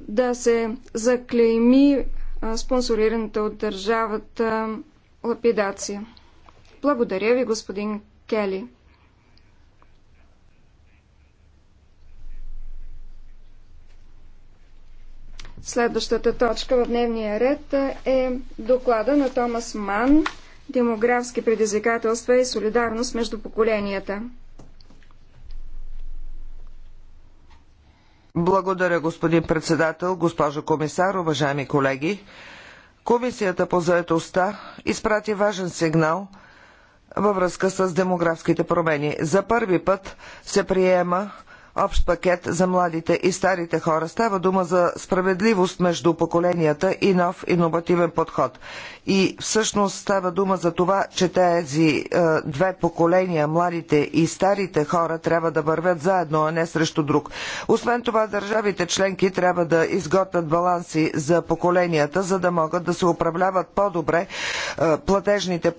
да се заклейми спонсорираната от държавата лапидация. Благодаря ви, господин Кели. Следващата точка в дневния ред е доклада на Томас Ман «Демографски предизвикателства и солидарност между поколенията». Благодаря, господин председател, госпожо комисар, уважаеми колеги. Комисията по заедостта изпрати важен сигнал във връзка с демографските промени. За първи път се приема общ пакет за младите и старите хора. Става дума за справедливост между поколенията и нов иновативен подход. И всъщност става дума за това, че тези е, две поколения, младите и старите хора, трябва да вървят заедно, а не срещу друг. Освен това, държавите членки трябва да изготвят баланси за поколенията, за да могат да се управляват по-добре е, платежните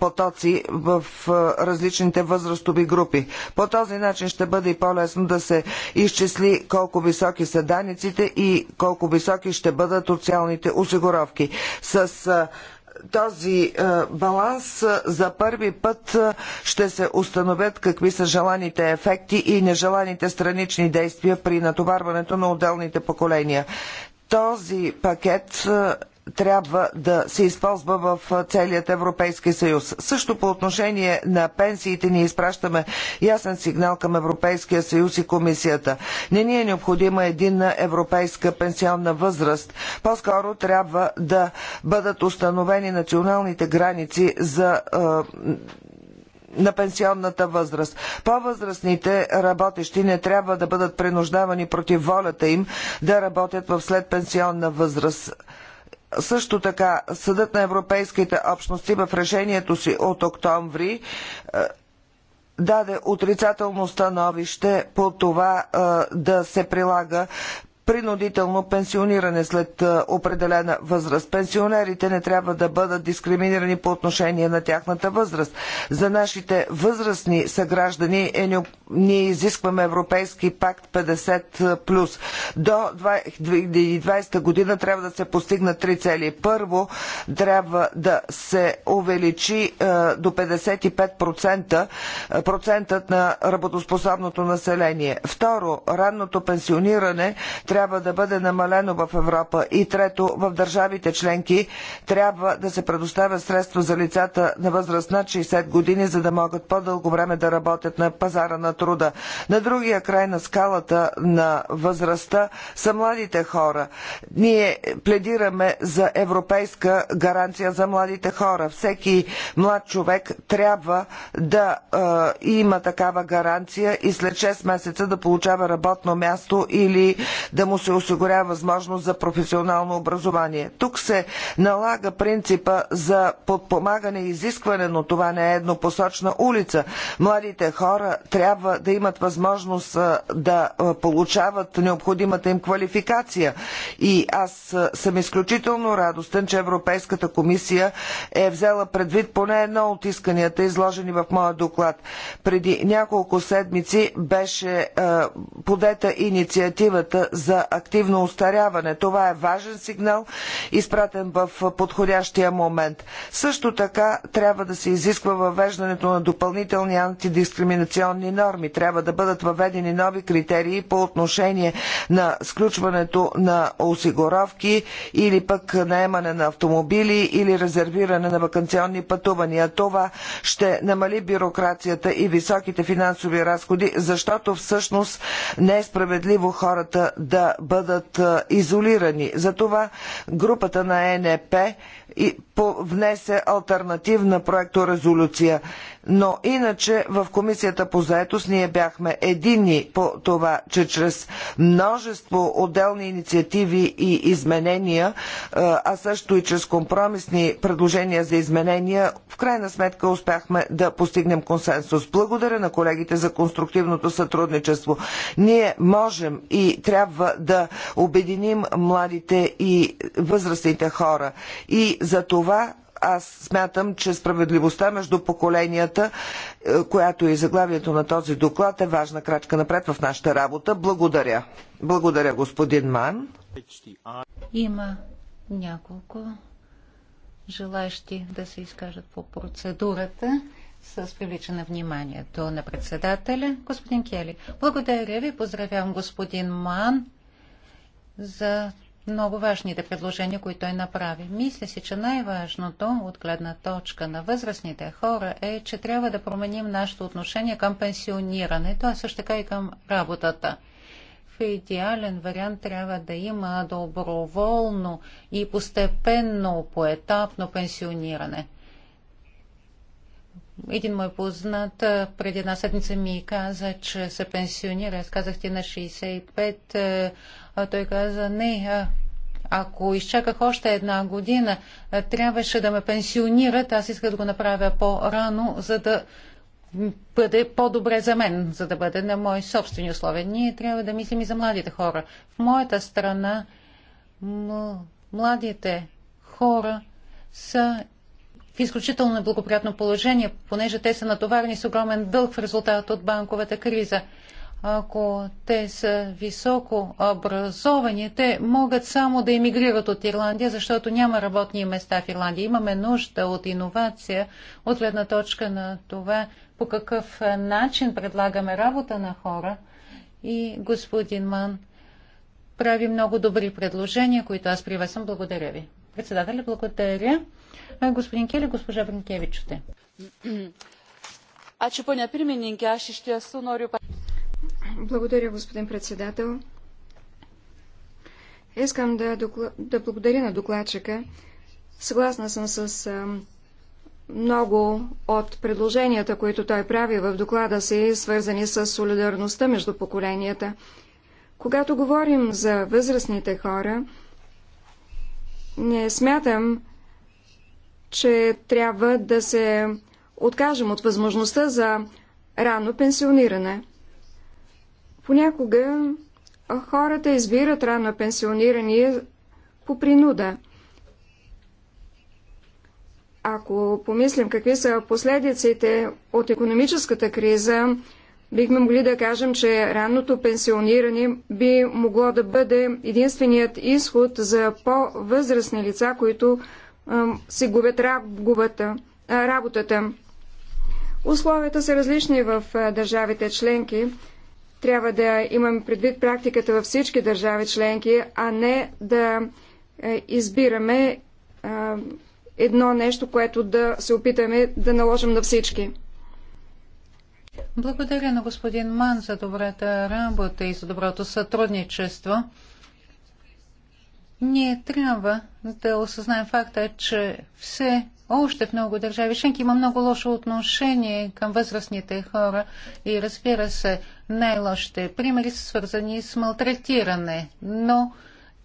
потоци в е, различните възрастови групи. По този начин ще бъде и по-лесно да се изчисли колко високи са данниците и колко високи ще бъдат социалните осигуровки. С този баланс за първи път ще се установят какви са желаните ефекти и нежеланите странични действия при натоварването на отделните поколения. Този пакет трябва да се използва в целият Европейски съюз. Също по отношение на пенсиите ние изпращаме ясен сигнал към Европейския съюз и комисията. Не ни е необходима единна европейска пенсионна възраст. По-скоро трябва да бъдат установени националните граници за на пенсионната възраст. По-възрастните работещи не трябва да бъдат принуждавани против волята им да работят в следпенсионна възраст. Също така, Съдът на европейските общности в решението си от октомври е, даде отрицателно становище по това е, да се прилага принудително пенсиониране след е, определена възраст. Пенсионерите не трябва да бъдат дискриминирани по отношение на тяхната възраст. За нашите възрастни съграждани е необходимо ние изискваме Европейски пакт 50+. Плюс. До 2020 година трябва да се постигнат три цели. Първо, трябва да се увеличи е, до 55% е, процентът на работоспособното население. Второ, ранното пенсиониране трябва да бъде намалено в Европа. И трето, в държавите членки трябва да се предоставят средства за лицата на възраст над 60 години, за да могат по-дълго време да работят на пазара на труда. На другия край на скалата на възрастта са младите хора. Ние пледираме за европейска гаранция за младите хора. Всеки млад човек трябва да е, има такава гаранция и след 6 месеца да получава работно място или да му се осигурява възможност за професионално образование. Тук се налага принципа за подпомагане и изискване, но това не е еднопосочна улица. Младите хора трябва да имат възможност да получават необходимата им квалификация. И аз съм изключително радостен, че Европейската комисия е взела предвид поне едно от исканията, изложени в моя доклад. Преди няколко седмици беше подета инициативата за активно устаряване. Това е важен сигнал, изпратен в подходящия момент. Също така трябва да се изисква въвеждането на допълнителни антидискриминационни норми реформи. Трябва да бъдат въведени нови критерии по отношение на сключването на осигуровки или пък наемане на автомобили или резервиране на вакансионни пътувания. Това ще намали бюрокрацията и високите финансови разходи, защото всъщност не е справедливо хората да бъдат изолирани. Затова групата на ЕНП и внесе альтернативна проекторезолюция. резолюция но иначе в комисията по заетост ние бяхме едини по това, че чрез множество отделни инициативи и изменения, а също и чрез компромисни предложения за изменения, в крайна сметка успяхме да постигнем консенсус. Благодаря на колегите за конструктивното сътрудничество. Ние можем и трябва да обединим младите и възрастните хора. И за това аз смятам, че справедливостта между поколенията, е, която е и заглавието на този доклад, е важна крачка напред в нашата работа. Благодаря. Благодаря, господин Ман. Има няколко желащи да се изкажат по процедурата с привличане вниманието на председателя, господин Кели. Благодаря ви, поздравявам господин Ман за много важните предложения, които той направи. Мисля си, че най-важното от гледна точка на възрастните хора е, че трябва да променим нашето отношение към пенсиониране, т.е. също така и към работата. В идеален вариант трябва да има доброволно и постепенно поетапно пенсиониране. Един мой познат преди една седмица ми каза, че се пенсионира. Аз казах ти на 65 той каза, не, ако изчаках още една година, трябваше да ме пенсионират, аз иска да го направя по-рано, за да бъде по-добре за мен, за да бъде на мои собствени условия. Ние трябва да мислим и за младите хора. В моята страна младите хора са в изключително неблагоприятно положение, понеже те са натоварени с огромен дълг в резултат от банковата криза – ако те са високо образовани, те могат само да емигрират от Ирландия, защото няма работни места в Ирландия. Имаме нужда от иновация, от гледна точка на това по какъв начин предлагаме работа на хора. И господин Ман прави много добри предложения, които аз съм. Благодаря ви. Председателя, благодаря. Господин Кели, госпожа Бринкевичуте. Ačiū, ponia pirmininkė, aš iš tiesų noriu. Благодаря, господин председател. Искам да, докла... да благодаря на докладчика. Съгласна съм с много от предложенията, които той прави в доклада си, свързани с солидарността между поколенията. Когато говорим за възрастните хора, не смятам, че трябва да се откажем от възможността за рано пенсиониране. Понякога хората избират рано пенсиониране по принуда. Ако помислим какви са последиците от економическата криза, бихме могли да кажем, че ранното пенсиониране би могло да бъде единственият изход за по-възрастни лица, които си губят работата. Условията са различни в държавите членки. Трябва да имаме предвид практиката във всички държави членки, а не да е, избираме е, едно нещо, което да се опитаме да наложим на всички. Благодаря на господин Ман за добрата работа и за доброто сътрудничество. Ние трябва да осъзнаем факта, че все още в много държави Шенки има много лошо отношение към възрастните хора и разбира се, най-лошите примери са свързани с малтретиране, но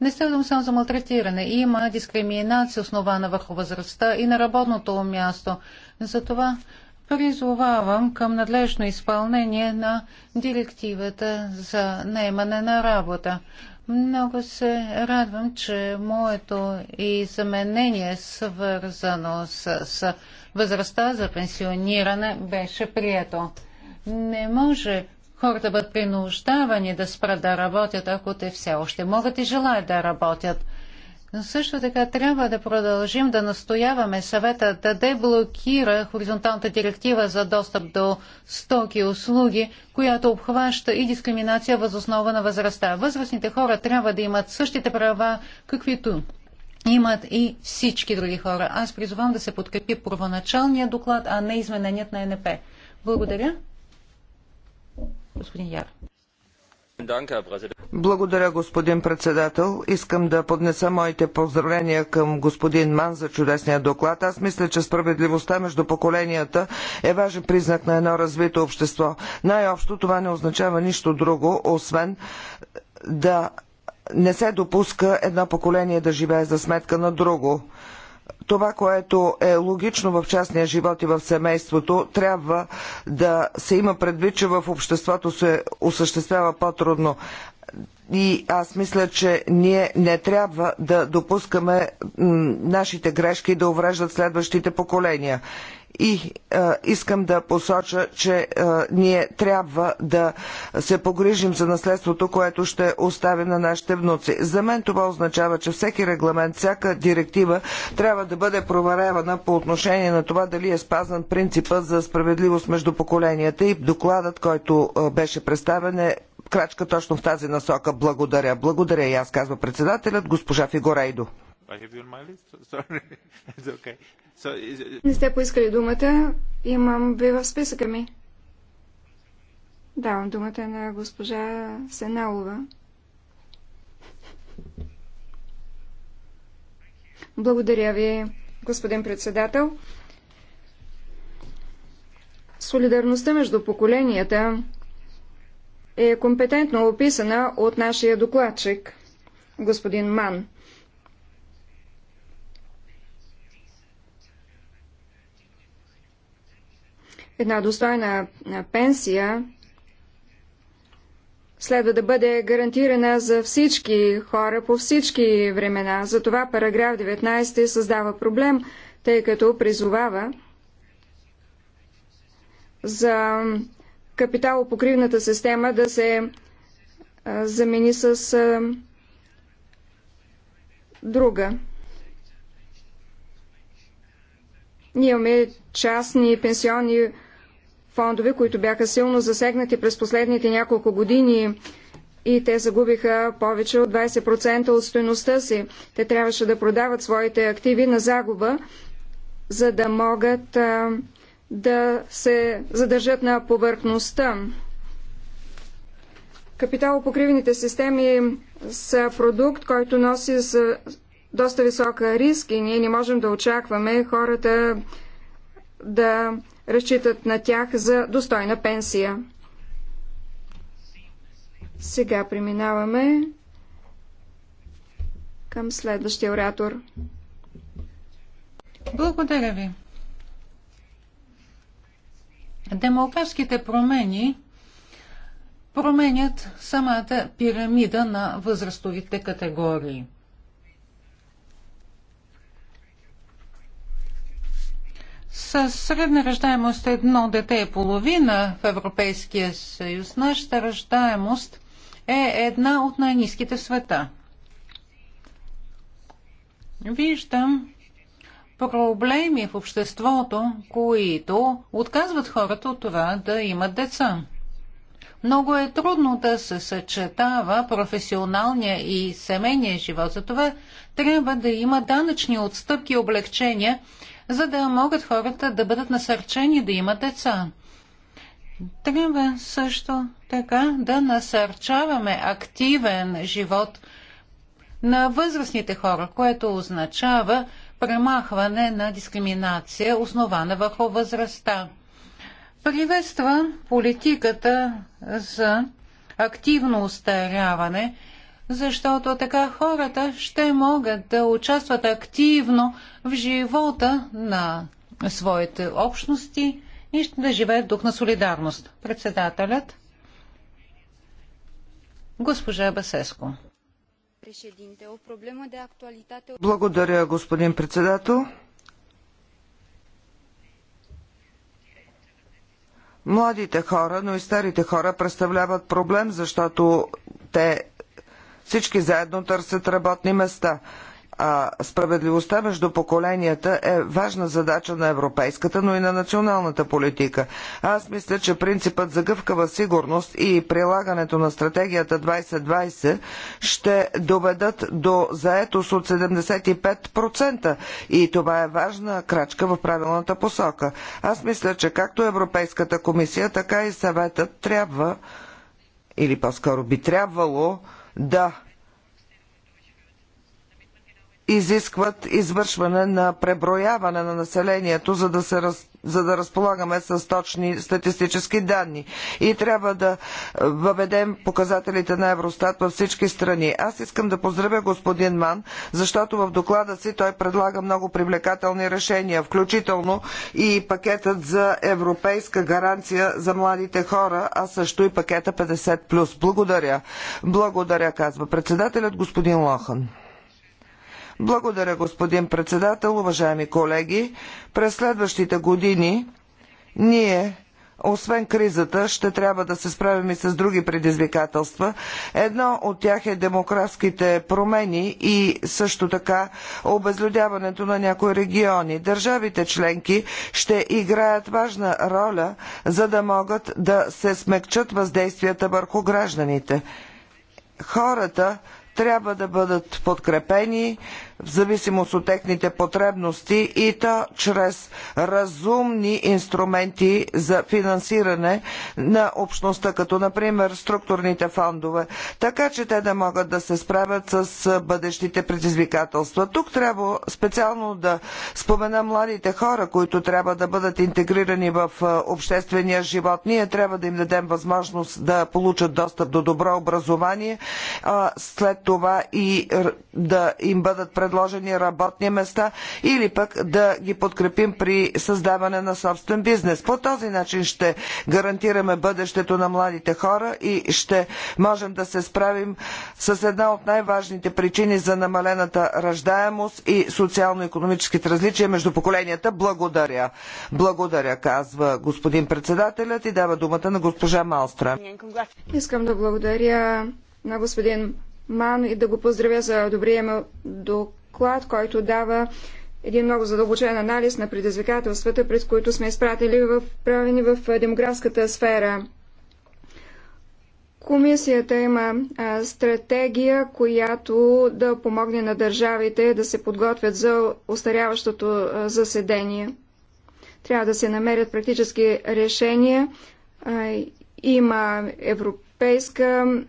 не става дума само за малтретиране. Има дискриминация, основана върху възрастта и на работното място. Затова призовавам към надлежно изпълнение на директивата за наемане на работа. Много се радвам, че моето и свързано с, с възрастта за пенсиониране, беше прието. Не може хората бъдат принуждавани да спрат да работят, ако те все още могат и желаят да работят – но Също така трябва да продължим да настояваме съвета да деблокира хоризонталната директива за достъп до стоки и услуги, която обхваща и дискриминация възоснова на възрастта. Възрастните хора трябва да имат същите права, каквито имат и всички други хора. Аз призовам да се подкрепи първоначалния доклад, а не измененият на НП. Благодаря. Господин Яр. Благодаря, господин председател. Искам да поднеса моите поздравления към господин Ман за чудесния доклад. Аз мисля, че справедливостта между поколенията е важен признак на едно развито общество. Най-общо това не означава нищо друго, освен да не се допуска едно поколение да живее за сметка на друго това, което е логично в частния живот и в семейството, трябва да се има предвид, че в обществото се осъществява по-трудно. И аз мисля, че ние не трябва да допускаме нашите грешки да увреждат следващите поколения. И е, искам да посоча, че е, ние трябва да се погрижим за наследството, което ще оставим на нашите внуци. За мен това означава, че всеки регламент, всяка директива трябва да бъде проверявана по отношение на това дали е спазан принципът за справедливост между поколенията и докладът, който е, беше представен е крачка точно в тази насока. Благодаря. Благодаря и аз, казва председателят, госпожа Фигорейдо. Не сте поискали думата. Имам ви в списъка ми. Давам думата на госпожа Сеналова. Благодаря ви, господин председател. Солидарността между поколенията е компетентно описана от нашия докладчик, господин Ман. една достойна пенсия следва да бъде гарантирана за всички хора по всички времена. Затова параграф 19 създава проблем, тъй като призовава за капиталопокривната система да се замени с друга. Ние имаме частни пенсионни фондове, които бяха силно засегнати през последните няколко години и те загубиха повече от 20% от стоеността си. Те трябваше да продават своите активи на загуба, за да могат а, да се задържат на повърхността. Капиталопокривните системи са продукт, който носи с доста висока риск и ние не можем да очакваме хората да разчитат на тях за достойна пенсия. Сега преминаваме към следващия оратор. Благодаря ви. Демографските промени променят самата пирамида на възрастовите категории – С средна раждаемост едно дете и половина в Европейския съюз, нашата раждаемост е една от най-низките в света. Виждам проблеми в обществото, които отказват хората от това да имат деца. Много е трудно да се съчетава професионалния и семейния живот. Затова трябва да има данъчни отстъпки и облегчения, за да могат хората да бъдат насърчени да имат деца. Трябва също така да насърчаваме активен живот на възрастните хора, което означава премахване на дискриминация, основана върху възрастта. Приветства политиката за активно устаряване – защото така хората ще могат да участват активно в живота на своите общности и ще да живеят дух на солидарност. Председателят госпожа Басеско. Благодаря, господин председател. Младите хора, но и старите хора представляват проблем, защото те всички заедно търсят работни места. А справедливостта между поколенията е важна задача на европейската, но и на националната политика. Аз мисля, че принципът за гъвкава сигурност и прилагането на стратегията 2020 ще доведат до заетост от 75% и това е важна крачка в правилната посока. Аз мисля, че както Европейската комисия, така и съветът трябва или по-скоро би трябвало да изискват извършване на преброяване на населението, за да се раз за да разполагаме с точни статистически данни. И трябва да въведем показателите на Евростат във всички страни. Аз искам да поздравя господин Ман, защото в доклада си той предлага много привлекателни решения, включително и пакетът за европейска гаранция за младите хора, а също и пакета 50+. Благодаря. Благодаря, казва председателят господин Лохан. Благодаря, господин председател, уважаеми колеги. През следващите години ние освен кризата, ще трябва да се справим и с други предизвикателства. Едно от тях е демографските промени и също така обезлюдяването на някои региони. Държавите членки ще играят важна роля, за да могат да се смекчат въздействията върху гражданите. Хората трябва да бъдат подкрепени, в зависимост от техните потребности и то чрез разумни инструменти за финансиране на общността, като например структурните фондове, така че те да могат да се справят с бъдещите предизвикателства. Тук трябва специално да спомена младите хора, които трябва да бъдат интегрирани в обществения живот. Ние трябва да им дадем възможност да получат достъп до добро образование, а след това и да им бъдат предоставени предложени работни места или пък да ги подкрепим при създаване на собствен бизнес. По този начин ще гарантираме бъдещето на младите хора и ще можем да се справим с една от най-важните причини за намалената раждаемост и социално-економическите различия между поколенията. Благодаря. Благодаря, казва господин председателят и дава думата на госпожа Малстра. Искам да благодаря на господин Ман и да го поздравя за добрия му доклад доклад, който дава един много задълбочен анализ на предизвикателствата, пред които сме изпратили в, правени в демографската сфера. Комисията има а, стратегия, която да помогне на държавите да се подготвят за устаряващото а, заседение. Трябва да се намерят практически решения. А, има европейска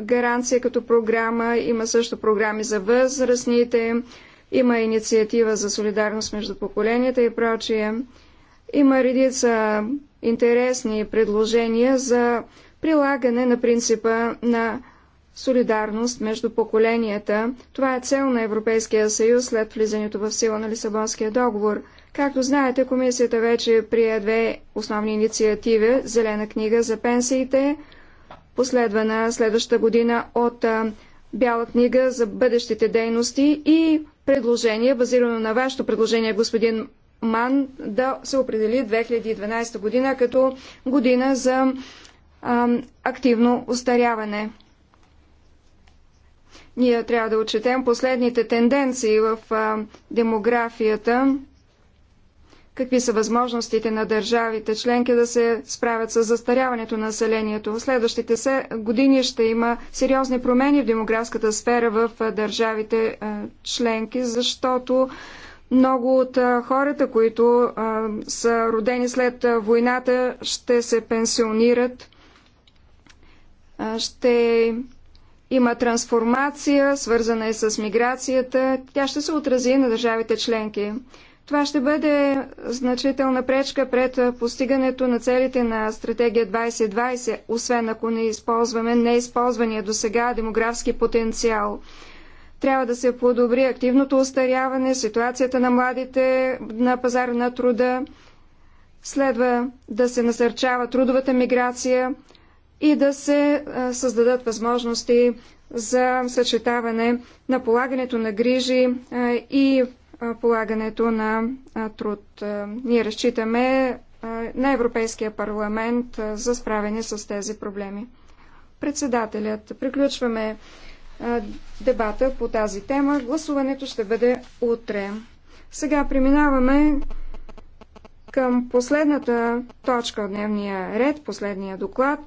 гаранция като програма, има също програми за възрастните, има инициатива за солидарност между поколенията и прочие. Има редица интересни предложения за прилагане на принципа на солидарност между поколенията. Това е цел на Европейския съюз след влизането в сила на Лисабонския договор. Както знаете, комисията вече прие две основни инициативи – Зелена книга за пенсиите – последвана следващата година от Бяла книга за бъдещите дейности и предложение, базирано на вашето предложение, господин Ман, да се определи 2012 година като година за активно устаряване. Ние трябва да отчетем последните тенденции в демографията какви са възможностите на държавите членки да се справят с застаряването на населението. В следващите се години ще има сериозни промени в демографската сфера в държавите членки, защото много от хората, които са родени след войната, ще се пенсионират. Ще има трансформация, свързана и с миграцията. Тя ще се отрази на държавите членки. Това ще бъде значителна пречка пред постигането на целите на стратегия 2020, освен ако не използваме неизползвания до сега демографски потенциал. Трябва да се подобри активното устаряване, ситуацията на младите на пазара на труда. Следва да се насърчава трудовата миграция и да се създадат възможности за съчетаване на полагането на грижи и полагането на труд. Ние разчитаме на Европейския парламент за справяне с тези проблеми. Председателят, приключваме дебата по тази тема. Гласуването ще бъде утре. Сега преминаваме към последната точка от дневния ред, последния доклад.